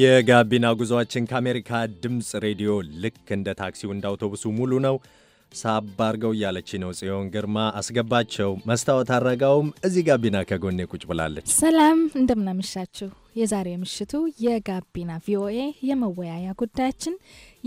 የጋቢና ጉዞአችን ከአሜሪካ ድምፅ ሬዲዮ ልክ እንደ ታክሲው እንደ አውቶቡሱ ሙሉ ነው። ሳባርገው አርገው እያለች ነው ጽዮን ግርማ አስገባቸው። መስታወት አረጋውም እዚህ ጋቢና ከጎኔ ቁጭ ብላለች። ሰላም እንደምናመሻችሁ የዛሬ ምሽቱ የጋቢና ቪኦኤ የመወያያ ጉዳያችን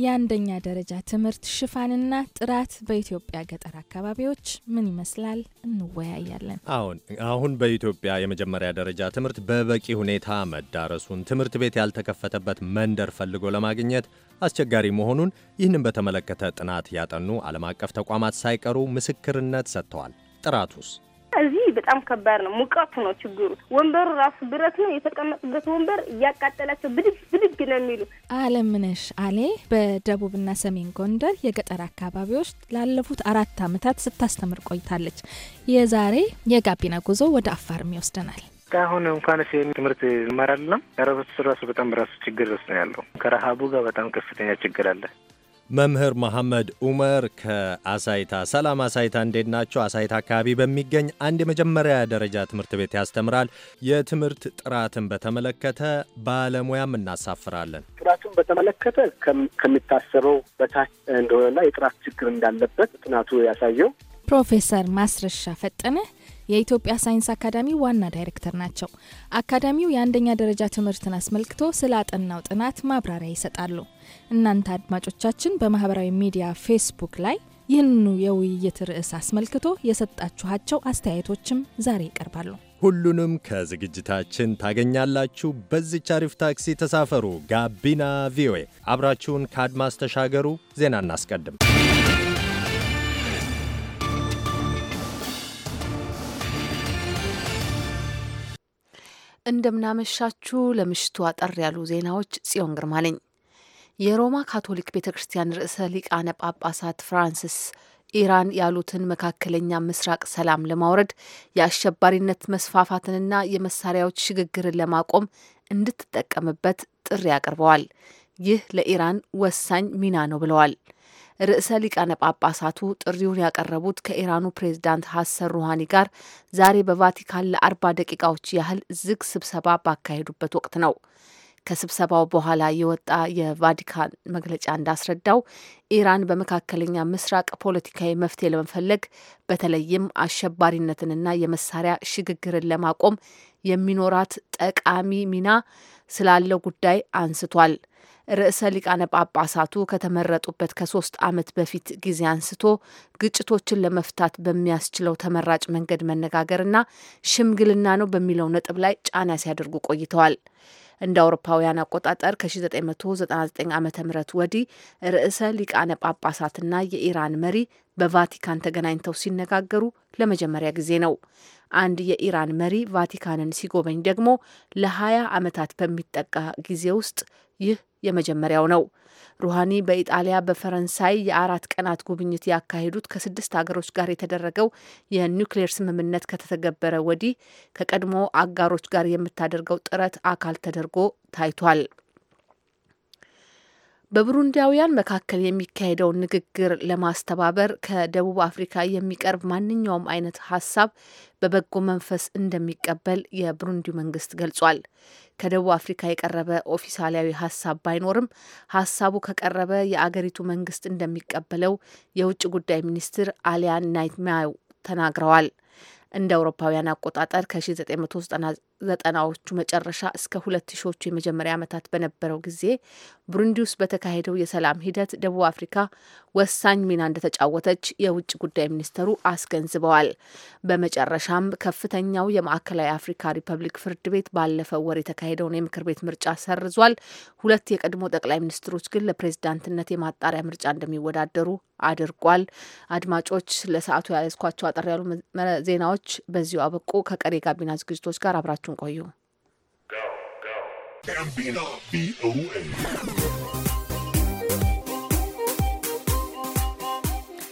የአንደኛ ደረጃ ትምህርት ሽፋንና ጥራት በኢትዮጵያ ገጠር አካባቢዎች ምን ይመስላል እንወያያለን። አሁን አሁን በኢትዮጵያ የመጀመሪያ ደረጃ ትምህርት በበቂ ሁኔታ መዳረሱን፣ ትምህርት ቤት ያልተከፈተበት መንደር ፈልጎ ለማግኘት አስቸጋሪ መሆኑን ይህንን በተመለከተ ጥናት ያጠኑ ዓለም አቀፍ ተቋማት ሳይቀሩ ምስክርነት ሰጥተዋል። ጥራቱስ? እዚህ በጣም ከባድ ነው። ሙቀቱ ነው ችግሩ። ወንበሩ ራሱ ብረት ነው። የተቀመጡበት ወንበር እያቃጠላቸው ብድግ ብድግ ነው የሚሉ። አለምነሽ አሌ በደቡብና ሰሜን ጎንደር የገጠር አካባቢዎች ላለፉት አራት አመታት ስታስተምር ቆይታለች። የዛሬ የጋቢና ጉዞ ወደ አፋርም ይወስደናል። አሁን እንኳን ትምህርት ይማራልና ራሱ ራሱ በጣም ራሱ ችግር ውስጥ ነው ያለው። ከረሃቡ ጋር በጣም ከፍተኛ ችግር አለ። መምህር መሐመድ ኡመር ከአሳይታ። ሰላም አሳይታ፣ እንዴት ናቸው? አሳይታ አካባቢ በሚገኝ አንድ የመጀመሪያ ደረጃ ትምህርት ቤት ያስተምራል። የትምህርት ጥራትን በተመለከተ ባለሙያም እናሳፍራለን። ጥራቱን በተመለከተ ከሚታሰበው በታች እንደሆነና የጥራት ችግር እንዳለበት ጥናቱ ያሳየው ፕሮፌሰር ማስረሻ ፈጠነ የኢትዮጵያ ሳይንስ አካዳሚ ዋና ዳይሬክተር ናቸው። አካዳሚው የአንደኛ ደረጃ ትምህርትን አስመልክቶ ስለ አጠናው ጥናት ማብራሪያ ይሰጣሉ። እናንተ አድማጮቻችን በማህበራዊ ሚዲያ ፌስቡክ ላይ ይህንኑ የውይይት ርዕስ አስመልክቶ የሰጣችኋቸው አስተያየቶችም ዛሬ ይቀርባሉ። ሁሉንም ከዝግጅታችን ታገኛላችሁ። በዚች አሪፍ ታክሲ ተሳፈሩ። ጋቢና ቪኦኤ፣ አብራችሁን ከአድማስ ተሻገሩ። ዜና እናስቀድም። እንደምናመሻችሁ ለምሽቱ አጠር ያሉ ዜናዎች ጽዮን ግርማ ነኝ። የሮማ ካቶሊክ ቤተ ክርስቲያን ርዕሰ ሊቃነ ጳጳሳት ፍራንሲስ ኢራን ያሉትን መካከለኛ ምስራቅ ሰላም ለማውረድ የአሸባሪነት መስፋፋትንና የመሳሪያዎች ሽግግርን ለማቆም እንድትጠቀምበት ጥሪ አቅርበዋል። ይህ ለኢራን ወሳኝ ሚና ነው ብለዋል። ርዕሰ ሊቃነ ጳጳሳቱ ጥሪውን ያቀረቡት ከኢራኑ ፕሬዝዳንት ሀሰን ሩሃኒ ጋር ዛሬ በቫቲካን ለአርባ ደቂቃዎች ያህል ዝግ ስብሰባ ባካሄዱበት ወቅት ነው። ከስብሰባው በኋላ የወጣ የቫቲካን መግለጫ እንዳስረዳው ኢራን በመካከለኛ ምስራቅ ፖለቲካዊ መፍትሄ ለመፈለግ በተለይም አሸባሪነትንና የመሳሪያ ሽግግርን ለማቆም የሚኖራት ጠቃሚ ሚና ስላለው ጉዳይ አንስቷል። ርዕሰ ሊቃነ ጳጳሳቱ ከተመረጡበት ከሶስት ዓመት በፊት ጊዜ አንስቶ ግጭቶችን ለመፍታት በሚያስችለው ተመራጭ መንገድ መነጋገርና ሽምግልና ነው በሚለው ነጥብ ላይ ጫና ሲያደርጉ ቆይተዋል። እንደ አውሮፓውያን አቆጣጠር ከ1999 ዓ ም ወዲህ ርዕሰ ሊቃነ ጳጳሳትና የኢራን መሪ በቫቲካን ተገናኝተው ሲነጋገሩ ለመጀመሪያ ጊዜ ነው። አንድ የኢራን መሪ ቫቲካንን ሲጎበኝ ደግሞ ለ20 ዓመታት በሚጠቃ ጊዜ ውስጥ ይህ የመጀመሪያው ነው። ሩሃኒ በኢጣሊያ በፈረንሳይ የአራት ቀናት ጉብኝት ያካሄዱት ከስድስት ሀገሮች ጋር የተደረገው የኒውክሌር ስምምነት ከተተገበረ ወዲህ ከቀድሞ አጋሮች ጋር የምታደርገው ጥረት አካል ተደርጎ ታይቷል። በቡሩንዲያውያን መካከል የሚካሄደውን ንግግር ለማስተባበር ከደቡብ አፍሪካ የሚቀርብ ማንኛውም አይነት ሀሳብ በበጎ መንፈስ እንደሚቀበል የቡሩንዲ መንግስት ገልጿል። ከደቡብ አፍሪካ የቀረበ ኦፊሳላዊ ሀሳብ ባይኖርም ሀሳቡ ከቀረበ የአገሪቱ መንግስት እንደሚቀበለው የውጭ ጉዳይ ሚኒስትር አሊያን ናይትሚያው ተናግረዋል። እንደ አውሮፓውያን አቆጣጠር ከ1999 ዘጠናዎቹ መጨረሻ እስከ ሁለት ሺዎቹ የመጀመሪያ ዓመታት በነበረው ጊዜ ቡሩንዲ ውስጥ በተካሄደው የሰላም ሂደት ደቡብ አፍሪካ ወሳኝ ሚና እንደተጫወተች የውጭ ጉዳይ ሚኒስተሩ አስገንዝበዋል። በመጨረሻም ከፍተኛው የማዕከላዊ አፍሪካ ሪፐብሊክ ፍርድ ቤት ባለፈው ወር የተካሄደውን የምክር ቤት ምርጫ ሰርዟል። ሁለት የቀድሞ ጠቅላይ ሚኒስትሮች ግን ለፕሬዝዳንትነት የማጣሪያ ምርጫ እንደሚወዳደሩ አድርጓል። አድማጮች ለሰዓቱ የያዝኳቸው አጠር ያሉ ዜናዎች በዚሁ አበቁ። ከቀሪ ጋቢና ዝግጅቶች ጋር አብራችሁ አብራችሁን ቆዩ።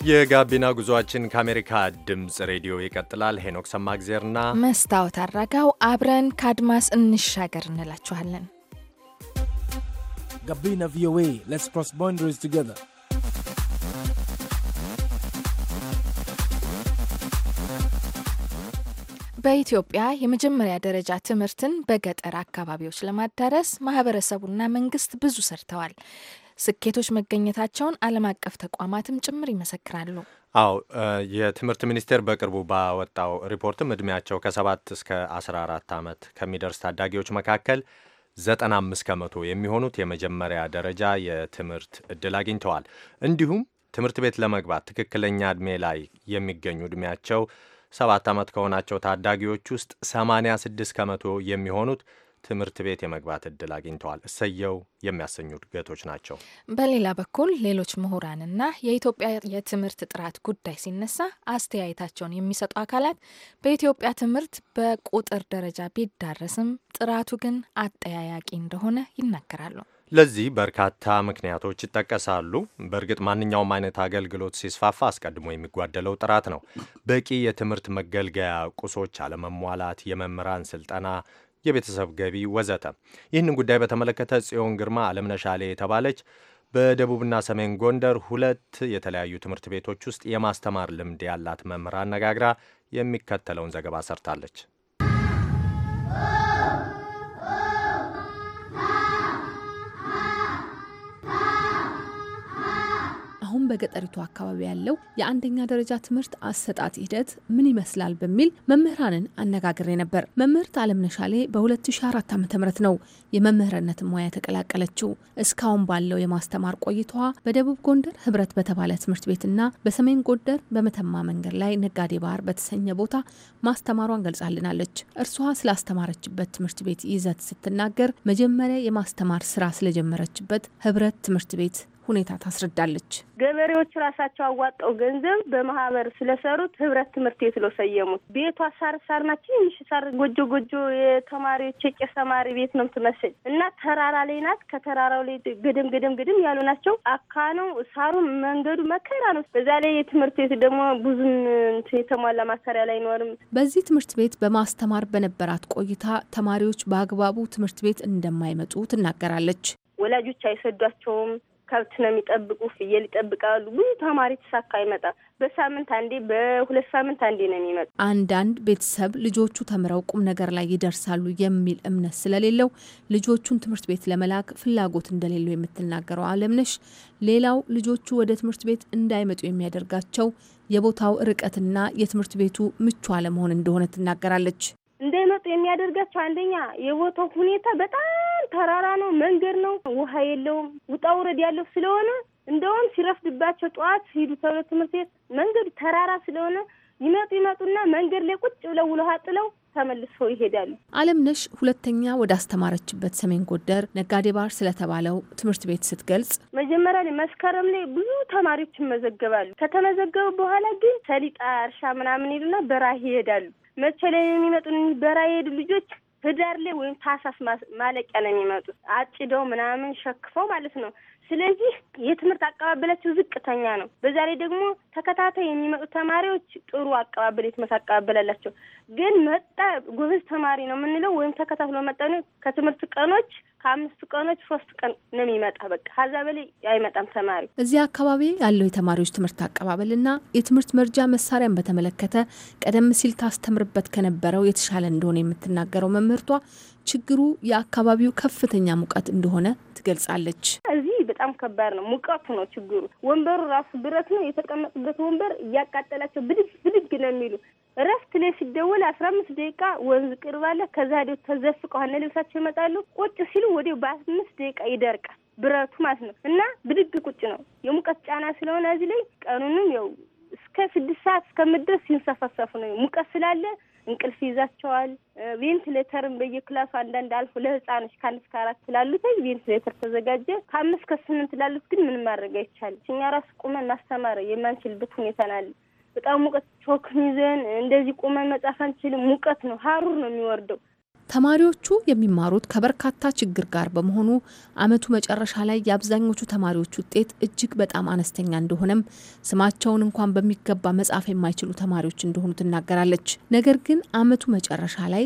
የጋቢና ጉዞአችን ከአሜሪካ ድምፅ ሬዲዮ ይቀጥላል። ሄኖክ ሰማግዜርና መስታወት አራጋው አብረን ከአድማስ እንሻገር እንላችኋለን። ጋቢና ቪኦኤ ሌትስ ክሮስ ቦንደሪስ ቱጌዘር በኢትዮጵያ የመጀመሪያ ደረጃ ትምህርትን በገጠር አካባቢዎች ለማዳረስ ማህበረሰቡና መንግስት ብዙ ሰርተዋል። ስኬቶች መገኘታቸውን ዓለም አቀፍ ተቋማትም ጭምር ይመሰክራሉ። አው የትምህርት ሚኒስቴር በቅርቡ ባወጣው ሪፖርትም እድሜያቸው ከሰባት እስከ አስራ አራት ዓመት ከሚደርስ ታዳጊዎች መካከል ዘጠና አምስት ከመቶ የሚሆኑት የመጀመሪያ ደረጃ የትምህርት እድል አግኝተዋል። እንዲሁም ትምህርት ቤት ለመግባት ትክክለኛ እድሜ ላይ የሚገኙ እድሜያቸው ሰባት ዓመት ከሆናቸው ታዳጊዎች ውስጥ 86 ከመቶ የሚሆኑት ትምህርት ቤት የመግባት እድል አግኝተዋል። እሰየው የሚያሰኙ እድገቶች ናቸው። በሌላ በኩል ሌሎች ምሁራንና የኢትዮጵያ የትምህርት ጥራት ጉዳይ ሲነሳ አስተያየታቸውን የሚሰጡ አካላት በኢትዮጵያ ትምህርት በቁጥር ደረጃ ቢዳረስም ጥራቱ ግን አጠያያቂ እንደሆነ ይናገራሉ። ለዚህ በርካታ ምክንያቶች ይጠቀሳሉ። በእርግጥ ማንኛውም አይነት አገልግሎት ሲስፋፋ አስቀድሞ የሚጓደለው ጥራት ነው። በቂ የትምህርት መገልገያ ቁሶች አለመሟላት፣ የመምህራን ስልጠና፣ የቤተሰብ ገቢ ወዘተ። ይህንን ጉዳይ በተመለከተ ጽዮን ግርማ አለምነሻሌ የተባለች በደቡብና ሰሜን ጎንደር ሁለት የተለያዩ ትምህርት ቤቶች ውስጥ የማስተማር ልምድ ያላት መምህር አነጋግራ የሚከተለውን ዘገባ ሰርታለች። አሁን በገጠሪቱ አካባቢ ያለው የአንደኛ ደረጃ ትምህርት አሰጣጥ ሂደት ምን ይመስላል በሚል መምህራንን አነጋግሬ ነበር። መምህርት አለምነሻሌ በ2004 ም ነው የመምህርነትን ሙያ የተቀላቀለችው። እስካሁን ባለው የማስተማር ቆይታዋ በደቡብ ጎንደር ህብረት በተባለ ትምህርት ቤትና በሰሜን ጎንደር በመተማ መንገድ ላይ ነጋዴ ባህር በተሰኘ ቦታ ማስተማሯን ገልጻልናለች። እርሷ ስላስተማረችበት ትምህርት ቤት ይዘት ስትናገር መጀመሪያ የማስተማር ስራ ስለጀመረችበት ህብረት ትምህርት ቤት ሁኔታ ታስረዳለች። ገበሬዎች ራሳቸው አዋጣው ገንዘብ በማህበር ስለሰሩት ህብረት ትምህርት ቤት ነው ሰየሙት። ቤቷ ሳር ሳር ናቸው ትንሽ ሳር ጎጆ ጎጆ የተማሪዎች የቄስ ተማሪ ቤት ነው ትመስል እና ተራራ ላይ ናት። ከተራራው ላይ ግድም ግድም ግድም ያሉ ናቸው። አካ ነው ሳሩ፣ መንገዱ መከራ ነው። በዛ ላይ የትምህርት ቤት ደግሞ ብዙም የተሟላ ማሰሪያ አይኖርም። በዚህ ትምህርት ቤት በማስተማር በነበራት ቆይታ ተማሪዎች በአግባቡ ትምህርት ቤት እንደማይመጡ ትናገራለች። ወላጆች አይሰዷቸውም። ከብት ነው የሚጠብቁ፣ ፍየል ይጠብቃሉ። ብዙ ተማሪ ተሳካ ይመጣ በሳምንት አንዴ፣ በሁለት ሳምንት አንዴ ነው የሚመጡ። አንዳንድ ቤተሰብ ልጆቹ ተምረው ቁም ነገር ላይ ይደርሳሉ የሚል እምነት ስለሌለው ልጆቹን ትምህርት ቤት ለመላክ ፍላጎት እንደሌለው የምትናገረው አለምነሽ፣ ሌላው ልጆቹ ወደ ትምህርት ቤት እንዳይመጡ የሚያደርጋቸው የቦታው ርቀትና የትምህርት ቤቱ ምቹ አለመሆን እንደሆነ ትናገራለች። እንዳይመጡ የሚያደርጋቸው አንደኛ የቦታው ሁኔታ በጣም ተራራ ነው፣ መንገድ ነው፣ ውሃ የለውም፣ ውጣ ውረድ ያለው ስለሆነ እንደውም ሲረፍድባቸው ጠዋት ሲሄዱ ተብሎ ትምህርት ቤት መንገዱ ተራራ ስለሆነ ይመጡ ይመጡና መንገድ ላይ ቁጭ ብለው ውለሃ ጥለው ተመልሰው ይሄዳሉ። ነሽ ሁለተኛ ወደ አስተማረችበት ሰሜን ጎንደር ነጋዴ ባር ስለተባለው ትምህርት ቤት ስትገልጽ መጀመሪያ ላይ መስከረም ላይ ብዙ ተማሪዎች ይመዘገባሉ። ከተመዘገቡ በኋላ ግን ሰሊጣ እርሻ ምናምን ይሉና በራህ ይሄዳሉ። መቼ ላይ የሚመጡ? በራ የሄዱ ልጆች ህዳር ላይ ወይም ታህሳስ ማለቂያ ነው የሚመጡት። አጭደው ምናምን ሸክፈው ማለት ነው ስለዚህ የትምህርት አቀባበላቸው ዝቅተኛ ነው። በዛ ላይ ደግሞ ተከታታይ የሚመጡ ተማሪዎች ጥሩ አቀባበል የትምህርት አቀባበል አላቸው። ግን መጣ ጎበዝ ተማሪ ነው የምንለው ወይም ተከታትሎ መጣ ነው ከትምህርት ቀኖች ከአምስቱ ቀኖች ሶስት ቀን ነው የሚመጣ። በቃ ከዛ በላይ አይመጣም ተማሪ። እዚህ አካባቢ ያለው የተማሪዎች ትምህርት አቀባበልና የትምህርት መርጃ መሳሪያን በተመለከተ ቀደም ሲል ታስተምርበት ከነበረው የተሻለ እንደሆነ የምትናገረው መምህርቷ ችግሩ የአካባቢው ከፍተኛ ሙቀት እንደሆነ ትገልጻለች። በጣም ከባድ ነው። ሙቀቱ ነው ችግሩ። ወንበሩ ራሱ ብረት ነው። የተቀመጡበት ወንበር እያቃጠላቸው ብድግ ብድግ ነው የሚሉ እረፍት ላይ ሲደወል አስራ አምስት ደቂቃ ወንዝ ቅርብ አለ። ከዛ ዲ ተዘፍቀው ሀነ ልብሳቸው ይመጣሉ። ቁጭ ሲሉ ወዲያው በአምስት ደቂቃ ይደርቃል ብረቱ ማለት ነው። እና ብድግ ቁጭ ነው የሙቀት ጫና ስለሆነ እዚህ ላይ ቀኑንም ያው እስከ ስድስት ሰዓት እስከምድረስ ሲንሰፈሰፉ ነው ሙቀት ስላለ እንቅልፍ ይዛቸዋል። ቬንትሌተርም በየክላሱ አንዳንድ አልፎ ለህፃኖች ከአንድ እስከ አራት ላሉት ቬንትሌተር ተዘጋጀ። ከአምስት ከስምንት ላሉት ግን ምን ማድረግ አይቻልም። እኛ ራሱ ቁመን ማስተማር የማንችልበት ሁኔታ ናለ። በጣም ሙቀት ቾክን ይዘን እንደዚህ ቁመን መጻፍ አንችልም። ሙቀት ነው፣ ሀሩር ነው የሚወርደው ተማሪዎቹ የሚማሩት ከበርካታ ችግር ጋር በመሆኑ አመቱ መጨረሻ ላይ የአብዛኞቹ ተማሪዎች ውጤት እጅግ በጣም አነስተኛ እንደሆነም ስማቸውን እንኳን በሚገባ መጻፍ የማይችሉ ተማሪዎች እንደሆኑ ትናገራለች። ነገር ግን አመቱ መጨረሻ ላይ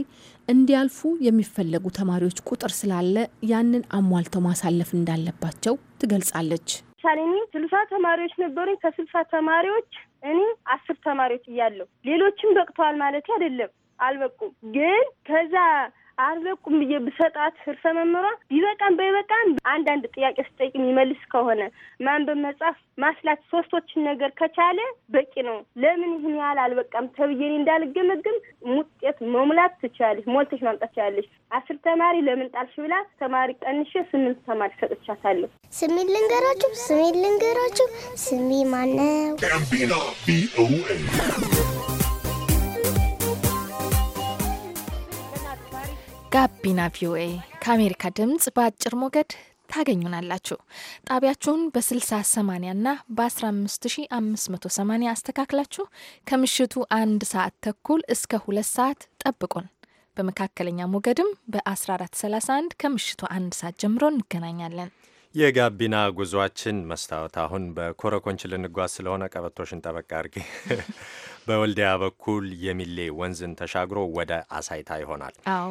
እንዲያልፉ የሚፈለጉ ተማሪዎች ቁጥር ስላለ ያንን አሟልተው ማሳለፍ እንዳለባቸው ትገልጻለች። ለምሳሌ ስልሳ ተማሪዎች ነበሩኝ። ከስልሳ ተማሪዎች እኔ አስር ተማሪዎች እያለሁ ሌሎችም በቅተዋል ማለት አይደለም አልበቁም። ግን ከዛ አልበቁም ብዬ ብሰጣት ርዕሰ መምህሯ ቢበቃም ባይበቃም አንዳንድ ጥያቄ ስጠይቅ የሚመልስ ከሆነ ማንበብ፣ መጻፍ፣ ማስላት ሶስቶችን ነገር ከቻለ በቂ ነው። ለምን ይህን ያህል አልበቃም ተብዬ እኔ እንዳልገመግም ውጤት መሙላት ትችላለች፣ ሞልተሽ ማምጣት ትችላለች። አስር ተማሪ ለምን ጣልሽ ብላ ተማሪ ቀንሼ ስምንት ተማሪ ሰጥቻታለሁ። ስሜ ልንገራችሁ ስሜ ልንገራችሁ ስሜ ማነው? ጋቢና ቪኦኤ ከአሜሪካ ድምፅ በአጭር ሞገድ ታገኙናላችሁ። ጣቢያችሁን በ6080 እና በ15580 አስተካክላችሁ ከምሽቱ አንድ ሰዓት ተኩል እስከ ሁለት ሰዓት ጠብቁን። በመካከለኛ ሞገድም በ1431 ከምሽቱ አንድ ሰዓት ጀምሮ እንገናኛለን። የጋቢና ጉዟችን መስታወት አሁን በኮረኮንች ልንጓዝ ስለሆነ ቀበቶሽን ጠበቅ አድርጌ በወልዲያ በኩል የሚሌ ወንዝን ተሻግሮ ወደ አሳይታ ይሆናል። አዎ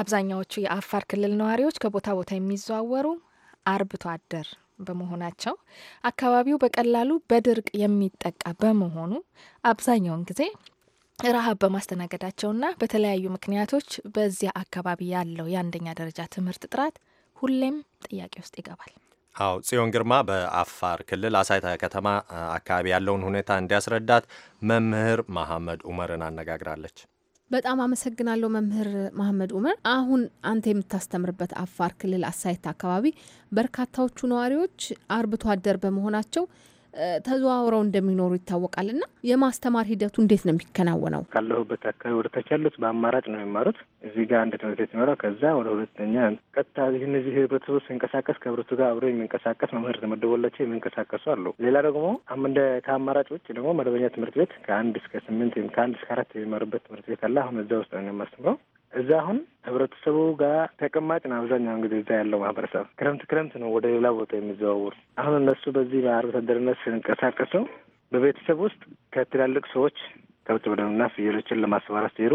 አብዛኛዎቹ የአፋር ክልል ነዋሪዎች ከቦታ ቦታ የሚዘዋወሩ አርብቶ አደር በመሆናቸው አካባቢው በቀላሉ በድርቅ የሚጠቃ በመሆኑ አብዛኛውን ጊዜ ረሃብ በማስተናገዳቸውና በተለያዩ ምክንያቶች በዚያ አካባቢ ያለው የአንደኛ ደረጃ ትምህርት ጥራት ሁሌም ጥያቄ ውስጥ ይገባል። አዎ ጽዮን ግርማ በአፋር ክልል አሳይታ ከተማ አካባቢ ያለውን ሁኔታ እንዲያስረዳት መምህር መሐመድ ኡመርን አነጋግራለች። በጣም አመሰግናለሁ መምህር መሐመድ ኡመር። አሁን አንተ የምታስተምርበት አፋር ክልል አሳይታ አካባቢ በርካታዎቹ ነዋሪዎች አርብቶ አደር በመሆናቸው ተዘዋውረው እንደሚኖሩ ይታወቃል። እና የማስተማር ሂደቱ እንዴት ነው የሚከናወነው? ካለሁበት አካባቢ ወደ ታች ያሉት በአማራጭ ነው የሚማሩት። እዚህ ጋር አንድ ትምህርት ቤት ይኖረው ከዛ ወደ ሁለተኛ ቀጥታ እነዚህ ህብረተሰቡ ሲንቀሳቀስ ከህብረቱ ጋር አብሮ የሚንቀሳቀስ መምህር ተመደቦላቸው የሚንቀሳቀሱ አሉ። ሌላ ደግሞ እንደ ከአማራጭ ውጭ ደግሞ መደበኛ ትምህርት ቤት ከአንድ እስከ ስምንት ወይም ከአንድ እስከ አራት የሚማሩበት ትምህርት ቤት አለ። አሁን እዛ ውስጥ ነው የማስተምረው እዛ አሁን ህብረተሰቡ ጋር ተቀማጭ ነው። አብዛኛውን ጊዜ እዛ ያለው ማህበረሰብ ክረምት ክረምት ነው ወደ ሌላ ቦታ የሚዘዋውር። አሁን እነሱ በዚህ በአርብቶ አደርነት በቤተሰብ ውስጥ ከትላልቅ ሰዎች ከብት በደምና ፍየሎችን ለማሰማራት ሲሄዱ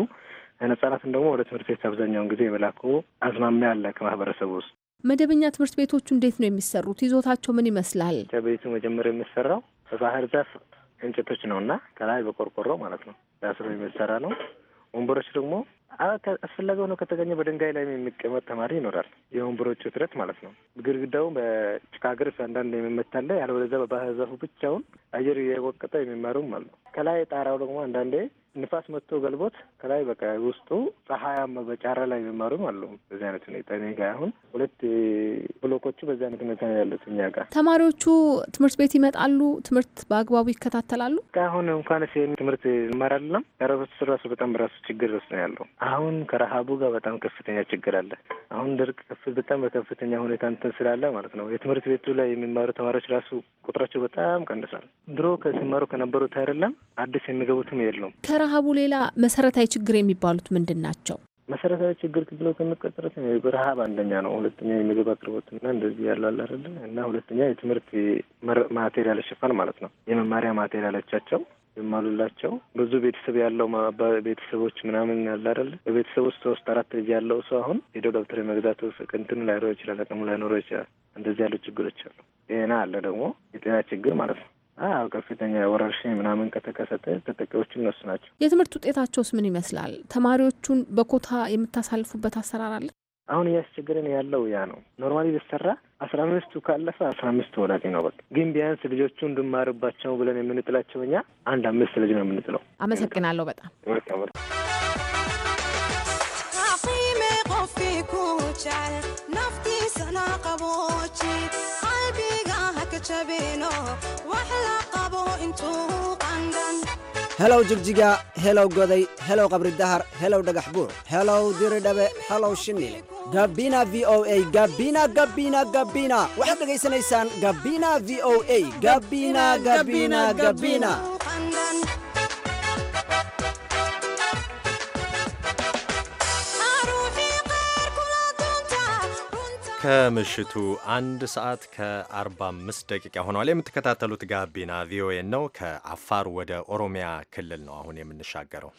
ህጻናትን ደግሞ ወደ ትምህርት ቤት አብዛኛውን ጊዜ የመላኩ አዝማሚያ አለ ከማህበረሰቡ ውስጥ። መደበኛ ትምህርት ቤቶቹ እንዴት ነው የሚሰሩት? ይዞታቸው ምን ይመስላል? ቤቱ መጀመሪያ የሚሰራው በባህር ዛፍ እንጨቶች ነው እና ከላይ በቆርቆሮ ማለት ነው ዳስሮ የሚሰራ ነው። ወንበሮች ደግሞ አስፈላጊ ሆኖ ከተገኘ በድንጋይ ላይ የሚቀመጥ ተማሪ ይኖራል። የወንበሮች ውጥረት ማለት ነው። ግድግዳው በጭቃ ግርፍ አንዳንድ የሚመታለ ያለበለዚያ በባህዛፉ ብቻውን አየር የወቀጠ የሚማሩም አሉ። ከላይ ጣራው ደግሞ አንዳንዴ ንፋስ መጥቶ ገልቦት ከላይ በቃ ውስጡ ፀሐያማ በጫራ ላይ የሚማሩም አሉ። በዚህ አይነት ሁኔታ እኔ ጋ አሁን ሁለት ብሎኮቹ በዚህ አይነት ሁኔታ ነው ያሉት። እኛ ጋር ተማሪዎቹ ትምህርት ቤት ይመጣሉ፣ ትምህርት በአግባቡ ይከታተላሉ። አሁን እንኳን ትምህርት ይማራልና አይደለም ራሱ በጣም ራሱ ችግር ውስጥ ነው ያለው። አሁን ከረሃቡ ጋር በጣም ከፍተኛ ችግር አለ። አሁን ድርቅ በጣም በከፍተኛ ሁኔታ እንትን ስላለ ማለት ነው የትምህርት ቤቱ ላይ የሚማሩ ተማሪዎች ራሱ ቁጥራቸው በጣም ቀንሷል። ድሮ ከሲማሩ ከነበሩት አይደለም አዲስ የሚገቡትም የለውም ከረሃቡ ሌላ መሰረታዊ ችግር የሚባሉት ምንድን ናቸው? መሰረታዊ ችግር ብለው ከመቀጠረት በረሀብ አንደኛ ነው። ሁለተኛ የምግብ አቅርቦት አቅርቦትና እንደዚህ ያሉ አለ እና ሁለተኛ የትምህርት ማቴሪያል ሽፋን ማለት ነው። የመማሪያ ማቴሪያሎቻቸው የማሉላቸው ብዙ ቤተሰብ ያለው ቤተሰቦች ምናምን ያለ አይደለ በቤተሰብ ውስጥ ሶስት አራት ልጅ ያለው ሰው አሁን ሄዶ ደብተር የመግዛት ቅንትን ላይኖረው ይችላል፣ አቅሙ ላይኖረው ይችላል። እንደዚህ ያሉ ችግሮች አሉ። ጤና አለ ደግሞ የጤና ችግር ማለት ነው። አዎ ከፍተኛ ወረርሽኝ ምናምን ከተከሰተ ተጠቂዎች እነሱ ናቸው። የትምህርት ውጤታቸውስ ምን ይመስላል? ተማሪዎቹን በኮታ የምታሳልፉበት አሰራር አለ? አሁን እያስቸገረን ያለው ያ ነው። ኖርማሊ ብሰራ አስራ አምስቱ ካለፈ አስራ አምስት ወላጤ ነው። በቃ ግን ቢያንስ ልጆቹ እንድማርባቸው ብለን የምንጥላቸው እኛ አንድ አምስት ልጅ ነው የምንጥለው። አመሰግናለሁ በጣም helow jigjiga helow goday helow qabri dahar helow dhagax buur helow diridhabe helow shiniil gabina v o a gabina gabina gabina waxaad dhegaysanaysaan gabina v o a gabina gabina gabina ከምሽቱ አንድ ሰዓት ከ45 ደቂቃ ሆኗል። የምትከታተሉት ጋቢና ቪኦኤ ነው። ከአፋር ወደ ኦሮሚያ ክልል ነው አሁን የምንሻገረው።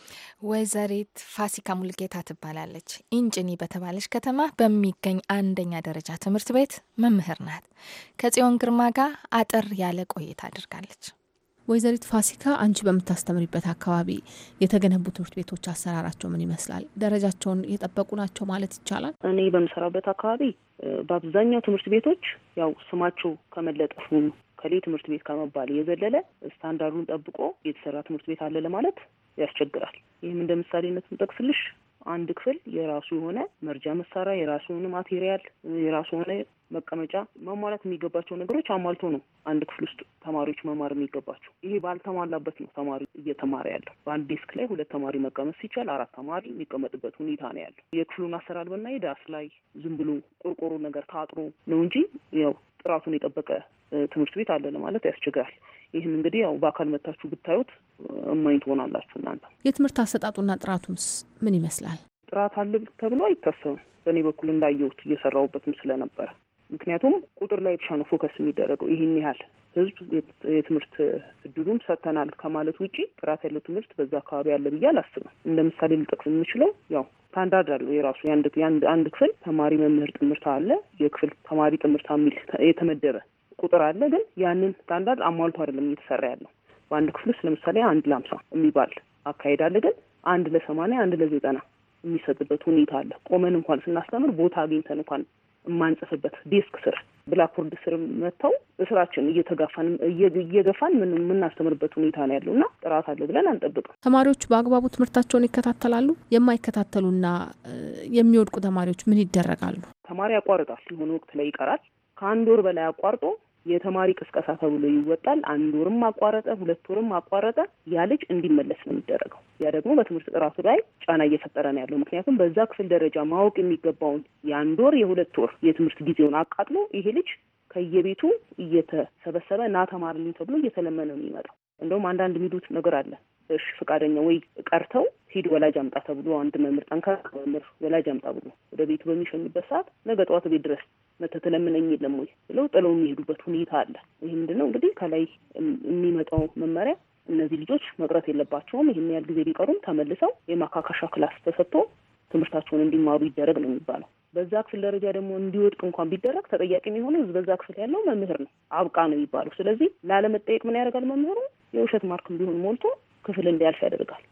ወይዘሪት ፋሲካ ሙልጌታ ትባላለች። ኢንጭኒ በተባለች ከተማ በሚገኝ አንደኛ ደረጃ ትምህርት ቤት መምህር ናት። ከጽዮን ግርማ ጋር አጠር ያለ ቆይታ አድርጋለች። ወይዘሪት ፋሲካ አንቺ በምታስተምሪበት አካባቢ የተገነቡ ትምህርት ቤቶች አሰራራቸው ምን ይመስላል? ደረጃቸውን የጠበቁ ናቸው ማለት ይቻላል? እኔ በምሰራበት አካባቢ በአብዛኛው ትምህርት ቤቶች ያው ስማቸው ከመለጠፉ ከሌ ትምህርት ቤት ከመባል የዘለለ ስታንዳርዱን ጠብቆ የተሰራ ትምህርት ቤት አለ ለማለት ያስቸግራል። ይህም እንደ ምሳሌነት ምጠቅስልሽ አንድ ክፍል የራሱ የሆነ መርጃ መሳሪያ፣ የራሱ የሆነ ማቴሪያል፣ የራሱ የሆነ መቀመጫ መሟላት የሚገባቸው ነገሮች አሟልቶ ነው አንድ ክፍል ውስጥ ተማሪዎች መማር የሚገባቸው። ይሄ ባልተሟላበት ነው ተማሪ እየተማረ ያለው። በአንድ ዴስክ ላይ ሁለት ተማሪ መቀመጥ ሲቻል አራት ተማሪ የሚቀመጥበት ሁኔታ ነው ያለው። የክፍሉን አሰራር ብናይ ዳስ ላይ ዝም ብሎ ቆርቆሮ ነገር ታጥሮ ነው እንጂ ያው ጥራቱን የጠበቀ ትምህርት ቤት አለ ለማለት ያስቸግራል። ይህም እንግዲህ ያው በአካል መታችሁ ብታዩት እማኝ ትሆናላችሁ እናንተ። የትምህርት አሰጣጡና ጥራቱምስ ምን ይመስላል? ጥራት አለ ተብሎ አይታሰብም። በእኔ በኩል እንዳየሁት እየሰራሁበትም ስለነበረ ምክንያቱም ቁጥር ላይ ብቻ ነው ፎከስ የሚደረገው። ይህን ያህል ህዝብ የትምህርት እድሉም ሰጥተናል ከማለት ውጪ ጥራት ያለው ትምህርት በዛ አካባቢ አለ ብዬ አላስብም። እንደ ምሳሌ ልጠቅስ የምችለው ያው ስታንዳርድ አለው የራሱ አንድ ክፍል ተማሪ መምህር ጥምርታ አለ፣ የክፍል ተማሪ ጥምርታ የሚል የተመደበ ቁጥር አለ። ግን ያንን ስታንዳርድ አሟልቶ አይደለም እየተሰራ ያለው በአንድ ክፍል ውስጥ ለምሳሌ አንድ ለአምሳ የሚባል አካሄድ አለ። ግን አንድ ለሰማንያ አንድ ለዘጠና የሚሰጥበት ሁኔታ አለ። ቆመን እንኳን ስናስተምር ቦታ አግኝተን እንኳን የማንጽፍበት ዴስክ ስር ብላክቦርድ ስር መጥተው እስራችን እየተጋፋን እየገፋን የምናስተምርበት ሁኔታ ነው ያለው እና ጥራት አለው ብለን አንጠብቅም። ተማሪዎቹ በአግባቡ ትምህርታቸውን ይከታተላሉ። የማይከታተሉና የሚወድቁ ተማሪዎች ምን ይደረጋሉ? ተማሪ ያቋርጣል። የሆነ ወቅት ላይ ይቀራል። ከአንድ ወር በላይ አቋርጦ የተማሪ ቅስቀሳ ተብሎ ይወጣል። አንድ ወርም አቋረጠ፣ ሁለት ወርም አቋረጠ፣ ያ ልጅ እንዲመለስ ነው የሚደረገው። ያ ደግሞ በትምህርት ጥራቱ ላይ ጫና እየፈጠረ ነው ያለው። ምክንያቱም በዛ ክፍል ደረጃ ማወቅ የሚገባውን የአንድ ወር የሁለት ወር የትምህርት ጊዜውን አቃጥሎ ይሄ ልጅ ከየቤቱ እየተሰበሰበ ና ተማርልኝ ተብሎ እየተለመነ ነው የሚመጣው። እንደውም አንዳንድ የሚሉት ነገር አለ። እሺ ፈቃደኛ ወይ ቀርተው ሂድ ወላጅ አምጣ ተብሎ አንድ መምህር ጠንካራ መምህር ወላጅ አምጣ ብሎ ወደ ቤቱ በሚሸኝበት ሰዓት ነገ ጠዋት ቤት ድረስ መተት ለምነኝ የለም ወይ ብለው ጥለው የሚሄዱበት ሁኔታ አለ። ይህ ምንድን ነው እንግዲህ ከላይ የሚመጣው መመሪያ እነዚህ ልጆች መቅረት የለባቸውም፣ ይህን ያህል ጊዜ ቢቀሩም ተመልሰው የማካካሻ ክላስ ተሰጥቶ ትምህርታቸውን እንዲማሩ ይደረግ ነው የሚባለው። በዛ ክፍል ደረጃ ደግሞ እንዲወድቅ እንኳን ቢደረግ ተጠያቂ የሚሆነው በዛ ክፍል ያለው መምህር ነው፣ አብቃ ነው የሚባለው። ስለዚህ ላለመጠየቅ ምን ያደርጋል መምህሩ? የውሸት ማርክም ቢሆን ሞልቶ ክፍል እንዲያልፍ ያደርጋል።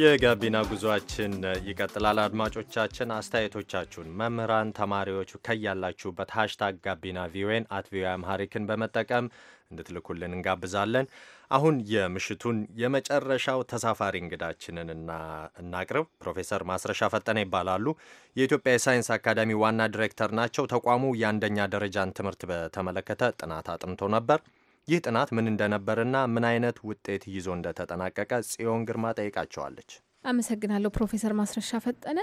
የጋቢና ጉዞአችን ይቀጥላል። አድማጮቻችን አስተያየቶቻችሁን መምህራን፣ ተማሪዎች ከያላችሁበት ሀሽታግ ጋቢና ቪዌን አት አምሃሪክን በመጠቀም እንድትልኩልን እንጋብዛለን። አሁን የምሽቱን የመጨረሻው ተሳፋሪ እንግዳችንን እናቅርብ። ፕሮፌሰር ማስረሻ ፈጠነ ይባላሉ። የኢትዮጵያ የሳይንስ አካዳሚ ዋና ዲሬክተር ናቸው። ተቋሙ የአንደኛ ደረጃን ትምህርት በተመለከተ ጥናት አጥንቶ ነበር። ይህ ጥናት ምን እንደነበርና ምን አይነት ውጤት ይዞ እንደተጠናቀቀ ጽዮን ግርማ ጠይቃቸዋለች። አመሰግናለሁ ፕሮፌሰር ማስረሻ ፈጠነ።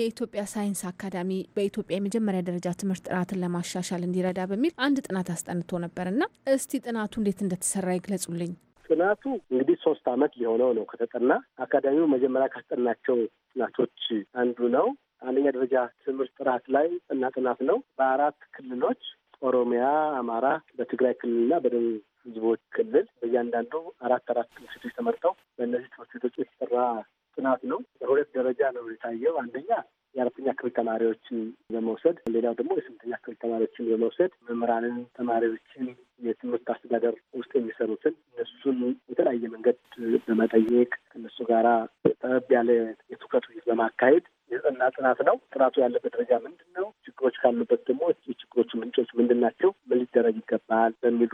የኢትዮጵያ ሳይንስ አካዳሚ በኢትዮጵያ የመጀመሪያ ደረጃ ትምህርት ጥራትን ለማሻሻል እንዲረዳ በሚል አንድ ጥናት አስጠንቶ ነበርና እስቲ ጥናቱ እንዴት እንደተሰራ ይግለጹልኝ። ጥናቱ እንግዲህ ሶስት አመት ሊሆነው ነው ከተጠና። አካዳሚው መጀመሪያ ካስጠናቸው ጥናቶች አንዱ ነው። አንደኛ ደረጃ ትምህርት ጥራት ላይ ጥና ጥናት ነው። በአራት ክልሎች ኦሮሚያ፣ አማራ፣ በትግራይ ክልልና በደቡብ ህዝቦች ክልል በእያንዳንዱ አራት አራት ትምህርት ቤቶች ተመርጠው በእነዚህ ትምህርት ቤቶች የተሰራ ጥናት ነው። በሁለት ደረጃ ነው የታየው። አንደኛ የአራተኛ ክፍል ተማሪዎችን በመውሰድ ሌላው ደግሞ የስምንተኛ ክፍል ተማሪዎችን በመውሰድ መምህራንን፣ ተማሪዎችን፣ የትምህርት አስተዳደር ውስጥ የሚሰሩትን እነሱን የተለያየ መንገድ በመጠየቅ ከነሱ ጋራ ጠበብ ያለ የትኩረት ውይይት በማካሄድ የጽና ጥናት ነው። ጥናቱ ያለበት ደረጃ ምንድን ነው? ችግሮች ካሉበት ደግሞ የችግሮቹ ምንጮች ምንድን ናቸው? ምን ሊደረግ ይገባል? በሚሉ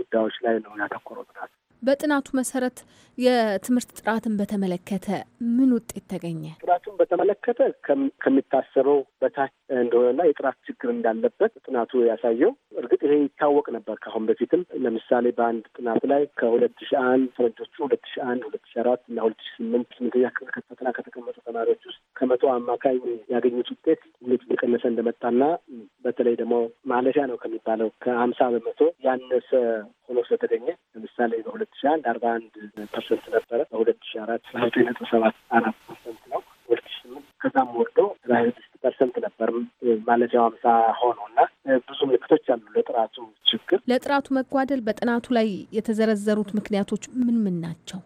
ጉዳዮች ላይ ነው ያተኮረው ጥናት። በጥናቱ መሰረት የትምህርት ጥራትን በተመለከተ ምን ውጤት ተገኘ? ጥራቱን በተመለከተ ከሚታሰበው በታች እንደሆነና የጥራት ችግር እንዳለበት ጥናቱ ያሳየው። እርግጥ ይሄ ይታወቅ ነበር ከአሁን በፊትም ለምሳሌ በአንድ ጥናት ላይ ከሁለት ሺ አንድ ፈረንጆቹ ሁለት ሺ አንድ ሁለት ሺ አራት እና ሁለት ሺ ስምንት ስምንተኛ ክፍል ከተፈተና ከተቀመጡ ተማሪዎች ውስጥ ከመቶ አማካይ ያገኙት ውጤት እንዴት እየቀነሰ እንደመጣና በተለይ ደግሞ ማለፊያ ነው ከሚባለው ከሀምሳ በመቶ ያነሰ ሆኖ ስለተገኘ ለምሳሌ በሁለት ሺ አንድ አርባ አንድ ፐርሰንት ነበረ። በሁለት ሺ አራት አስራ ዘጠኝ ነጥብ ሰባት አራት ፐርሰንት ነው። ሁለት ሺ ስምንት ከዛም ወርዶ ስድስት ፐርሰንት ነበር ማለፊያው አምሳ ሆኖ እና ብዙ ምልክቶች አሉ ለጥራቱ ችግር ለጥራቱ መጓደል። በጥናቱ ላይ የተዘረዘሩት ምክንያቶች ምን ምን ናቸው?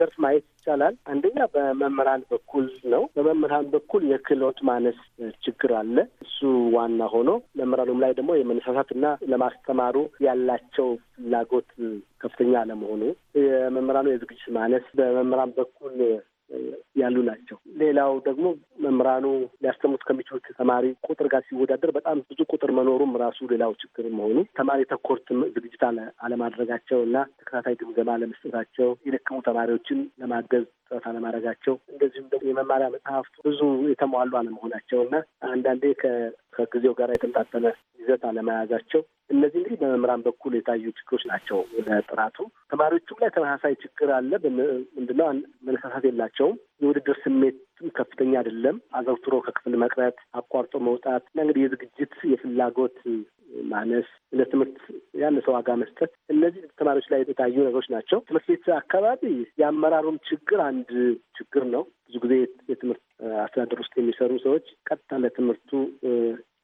ዘርፍ ማየት ይቻላል። አንደኛ በመምህራን በኩል ነው። በመምህራን በኩል የክህሎት ማነስ ችግር አለ። እሱ ዋና ሆኖ መምህራኑም ላይ ደግሞ የመነሳሳትና ለማስተማሩ ያላቸው ፍላጎት ከፍተኛ አለመሆኑ፣ የመምህራኑ የዝግጅት ማነስ በመምህራን በኩል ያሉ ናቸው። ሌላው ደግሞ መምህራኑ ሊያስተምሩት ከሚችሉት ተማሪ ቁጥር ጋር ሲወዳደር በጣም ብዙ ቁጥር መኖሩም ራሱ ሌላው ችግር መሆኑ፣ ተማሪ ተኮር ዝግጅት አለማድረጋቸው እና ተከታታይ ግምገማ አለመስጠታቸው፣ የደከሙ ተማሪዎችን ለማገዝ ጥረት አለማድረጋቸው፣ እንደዚሁም ደግሞ የመማሪያ መጽሐፍቱ ብዙ የተሟሉ አለመሆናቸው እና አንዳንዴ ከ ከጊዜው ጋር የተንጣጠለ ይዘት አለመያዛቸው፣ እነዚህ እንግዲህ በመምህራን በኩል የታዩ ችግሮች ናቸው። ለጥራቱ ተማሪዎቹም ላይ ተመሳሳይ ችግር አለ። ምንድነው መነሳሳት የላቸውም። የውድድር ስሜትም ከፍተኛ አይደለም። አዘውትሮ ከክፍል መቅረት፣ አቋርጦ መውጣት እና እንግዲህ የዝግጅት የፍላጎት ማነስ ለትምህርት ያነሰ ዋጋ መስጠት፣ እነዚህ ተማሪዎች ላይ የታዩ ነገሮች ናቸው። ትምህርት ቤት አካባቢ የአመራሩም ችግር አንድ ችግር ነው። ብዙ ጊዜ የትምህርት አስተዳደር ውስጥ የሚሰሩ ሰዎች ቀጥታ ለትምህርቱ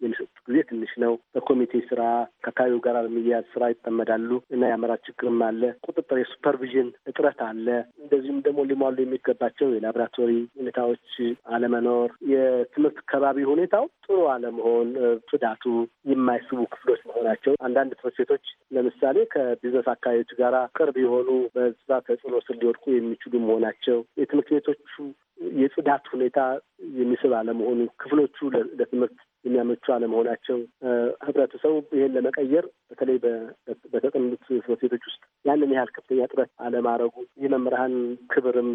የሚሰጡት ጊዜ ትንሽ ነው። በኮሚቴ ስራ ከአካባቢው ጋር በሚያያዝ ስራ ይጠመዳሉ እና የአመራር ችግርም አለ። ቁጥጥር፣ የሱፐርቪዥን እጥረት አለ። እንደዚሁም ደግሞ ሊሟሉ የሚገባቸው የላቦራቶሪ ሁኔታዎች አለመኖር፣ የትምህርት ከባቢ ሁኔታው ጥሩ አለመሆን፣ ጽዳቱ የማይስቡ ክፍሎች መሆናቸው አንዳንድ ትምህርት ቤቶች ለምሳሌ ከቢዝነስ አካባቢዎች ጋር ቅርብ የሆኑ በዛ ተጽዕኖ ስር ሊወድቁ የሚችሉ መሆናቸው የትምህርት ቤቶቹ የጽዳት ሁኔታ የሚስብ አለመሆኑ፣ ክፍሎቹ ለትምህርት የሚያመቹ አለመሆናቸው ህብረተሰቡ ይሄን ለመቀየር በተለይ በተጠኑት ትምህርት ቤቶች ውስጥ ያንን ያህል ከፍተኛ ጥረት አለማድረጉ፣ የመምህራን ክብርም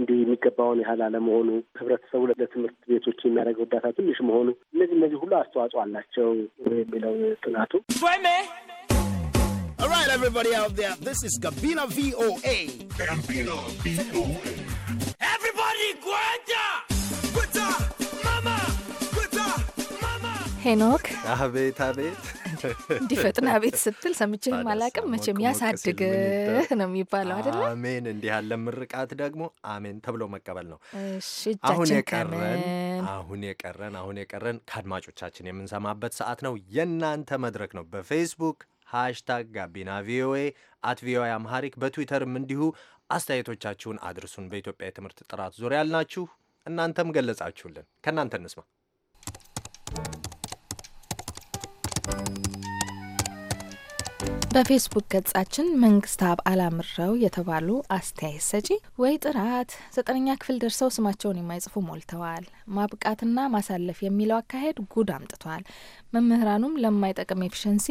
እንዲህ የሚገባውን ያህል አለመሆኑ፣ ህብረተሰቡ ለትምህርት ቤቶች የሚያደርገው እርዳታ ትንሽ መሆኑ፣ እነዚህ እነዚህ ሁሉ አስተዋጽኦ አላቸው የሚለው ጥናቱ። All everybody out there, this is Gabina VOA. Gabina VOA. ሄኖክ አቤት አቤት እንዲፈጥን ቤት ስትል ሰምቼህም አላቅም። መቼም ያሳድግህ ነው የሚባለው አይደለ? አሜን። እንዲህ ያለ ምርቃት ደግሞ አሜን ተብሎ መቀበል ነው። አሁን የቀረን አሁን የቀረን አሁን የቀረን ከአድማጮቻችን የምንሰማበት ሰዓት ነው። የእናንተ መድረክ ነው። በፌስቡክ ሃሽታግ ጋቢና ቪኦኤ አት ቪኦኤ አምሃሪክ፣ በትዊተርም እንዲሁ አስተያየቶቻችሁን አድርሱን። በኢትዮጵያ የትምህርት ጥራት ዙሪያ ያልናችሁ እናንተም ገለጻችሁልን። ከእናንተ እንስማ። በፌስቡክ ገጻችን መንግስታብ አላምረው የተባሉ አስተያየት ሰጪ ወይ ጥራት ዘጠነኛ ክፍል ደርሰው ስማቸውን የማይጽፉ ሞልተዋል። ማብቃትና ማሳለፍ የሚለው አካሄድ ጉድ አምጥቷል። መምህራኑም ለማይጠቅም ኤፊሸንሲ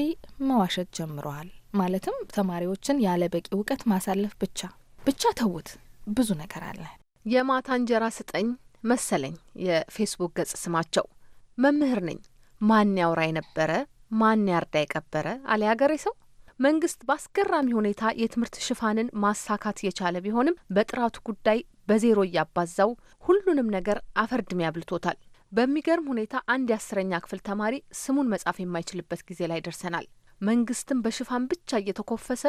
መዋሸት ጀምረዋል። ማለትም ተማሪዎችን ያለ በቂ እውቀት ማሳለፍ ብቻ ብቻ ተዉት፣ ብዙ ነገር አለ። የማታ እንጀራ ስጠኝ መሰለኝ የፌስቡክ ገጽ ስማቸው። መምህር ነኝ። ማን ያውራ የነበረ ማን ያርዳ የቀበረ አለ ያገሬ ሰው። መንግስት በአስገራሚ ሁኔታ የትምህርት ሽፋንን ማሳካት የቻለ ቢሆንም በጥራቱ ጉዳይ በዜሮ እያባዛው ሁሉንም ነገር አፈርድሜ አብልቶታል። በሚገርም ሁኔታ አንድ የአስረኛ ክፍል ተማሪ ስሙን መጻፍ የማይችልበት ጊዜ ላይ ደርሰናል። መንግስትን በሽፋን ብቻ እየተኮፈሰ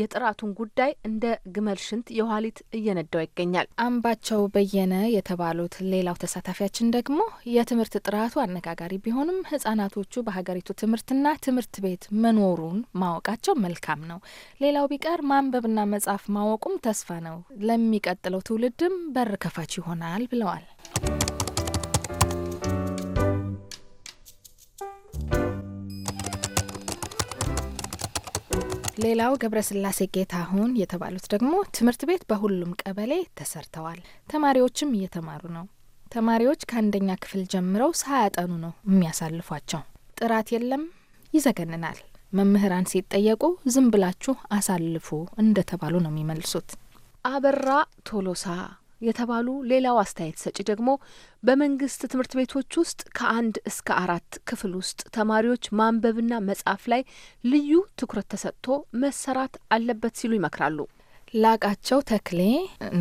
የጥራቱን ጉዳይ እንደ ግመል ሽንት የኋሊት እየነዳው ይገኛል። አምባቸው በየነ የተባሉት ሌላው ተሳታፊያችን ደግሞ የትምህርት ጥራቱ አነጋጋሪ ቢሆንም ህጻናቶቹ በሀገሪቱ ትምህርትና ትምህርት ቤት መኖሩን ማወቃቸው መልካም ነው። ሌላው ቢቀር ማንበብና መጻፍ ማወቁም ተስፋ ነው። ለሚቀጥለው ትውልድም በር ከፋች ይሆናል ብለዋል። ሌላው ገብረስላሴ ጌታሁን የተባሉት ደግሞ ትምህርት ቤት በሁሉም ቀበሌ ተሰርተዋል። ተማሪዎችም እየተማሩ ነው። ተማሪዎች ከአንደኛ ክፍል ጀምረው ሳያጠኑ ነው የሚያሳልፏቸው። ጥራት የለም፣ ይዘገንናል። መምህራን ሲጠየቁ ዝም ብላችሁ አሳልፉ እንደተባሉ ነው የሚመልሱት። አበራ ቶሎሳ የተባሉ ሌላው አስተያየት ሰጪ ደግሞ በመንግስት ትምህርት ቤቶች ውስጥ ከአንድ እስከ አራት ክፍል ውስጥ ተማሪዎች ማንበብና መጻፍ ላይ ልዩ ትኩረት ተሰጥቶ መሰራት አለበት ሲሉ ይመክራሉ። ላቃቸው ተክሌ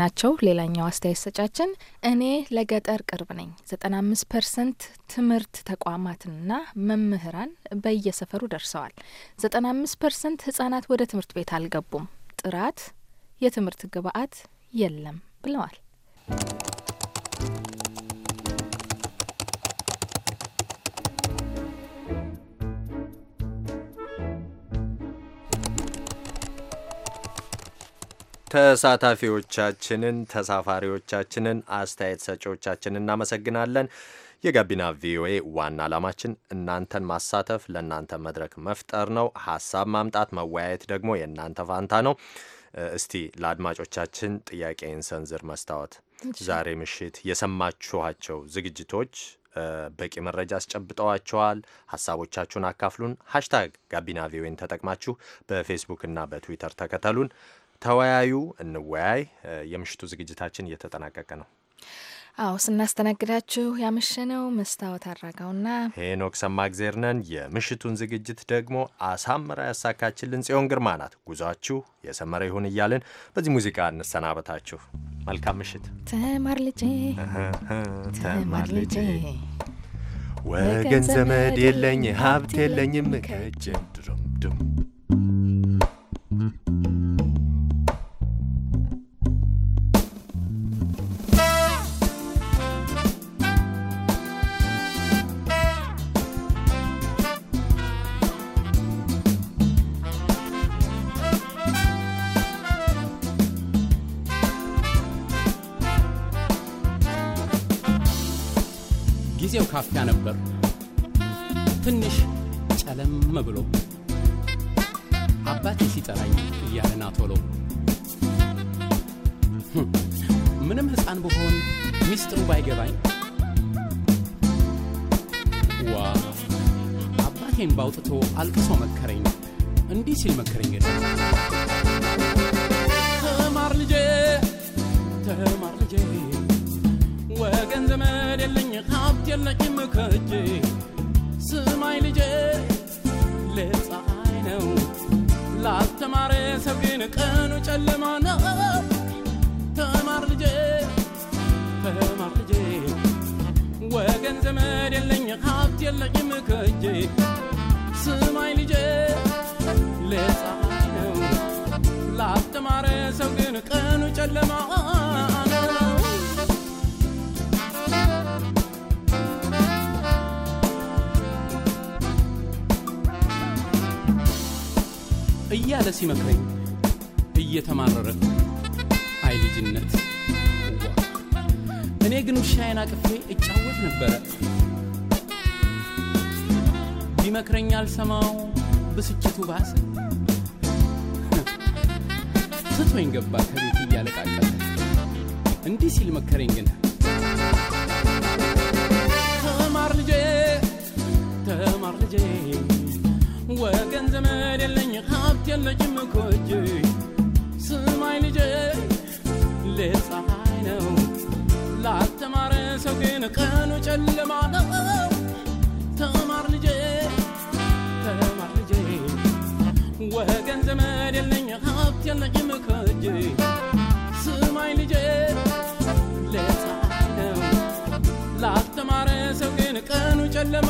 ናቸው። ሌላኛው አስተያየት ሰጫችን እኔ ለገጠር ቅርብ ነኝ። ዘጠና አምስት ፐርሰንት ትምህርት ተቋማትንና መምህራን በየሰፈሩ ደርሰዋል። ዘጠና አምስት ፐርሰንት ህጻናት ወደ ትምህርት ቤት አልገቡም። ጥራት የትምህርት ግብዓት የለም ብለዋል። ተሳታፊዎቻችንን፣ ተሳፋሪዎቻችንን፣ አስተያየት ሰጪዎቻችንን እናመሰግናለን። የጋቢና ቪኦኤ ዋና ዓላማችን እናንተን ማሳተፍ ለእናንተ መድረክ መፍጠር ነው። ሀሳብ ማምጣት መወያየት ደግሞ የእናንተ ፋንታ ነው። እስቲ ለአድማጮቻችን ጥያቄን ሰንዝር መስታወት ዛሬ ምሽት የሰማችኋቸው ዝግጅቶች በቂ መረጃ አስጨብጠዋቸዋል። ሀሳቦቻችሁን አካፍሉን። ሀሽታግ ጋቢና ቪኦኤን ተጠቅማችሁ በፌስቡክ እና በትዊተር ተከተሉን። ተወያዩ፣ እንወያይ። የምሽቱ ዝግጅታችን እየተጠናቀቀ ነው። አዎ ስናስተናግዳችሁ ያመሸነው መስታወት አድራጋውና ሄኖክ ሰማ ግዜርነን ነን። የምሽቱን ዝግጅት ደግሞ አሳምራ ያሳካችልን ጽዮን ግርማ ናት። ጉዟችሁ የሰመረ ይሁን እያልን በዚህ ሙዚቃ እንሰናበታችሁ። መልካም ምሽት። ተማር ልጄ፣ ተማር ልጄ፣ ወገን ዘመድ የለኝ ሀብት የለኝም ከጀ ድረምድም የለኝም ከእጄ ስማይ ልጄ ለፀሐይ ነው ላልተማረ ሰው ግን ቀኑ ጨለማ ነው ተማር ልጄ ተማር ልጄ ወገን ዘመድ የለኝ ሀብት የለኝም ከእጄ ስማይ ልጄ ለፀሐይ ነው ላልተማረ ሰው ግን ቀኑ ጨለማ እያለ ሲመክረኝ እየተማረረ አይ ልጅነት እኔ ግን ውሻዬን አቅፌ እጫወት ነበረ ቢመክረኝ አልሰማው ብስጭቱ ባሰ ስቶኝ ገባ ከቤት እያለቃቀለ እንዲህ ሲል መከረኝ ግን ተማር ልጄ ተማር ልጄ ወገን ዘመድ የለኝ ሀብት የለችም እኮ እጅ ስማይ ልጄ ልፀሐይ ነው ላልተማረ ሰው ግን ቀኑ ጨለማ ነው ተማር ልጄ ተማር ልጄ ወገን ዘመድ የለኝ ሀብት የለችም እኮ እጅ ስማይ ልጄ ልፀሐይ ነው ላልተማረ ሰው ግን ቀኑ ጨለማ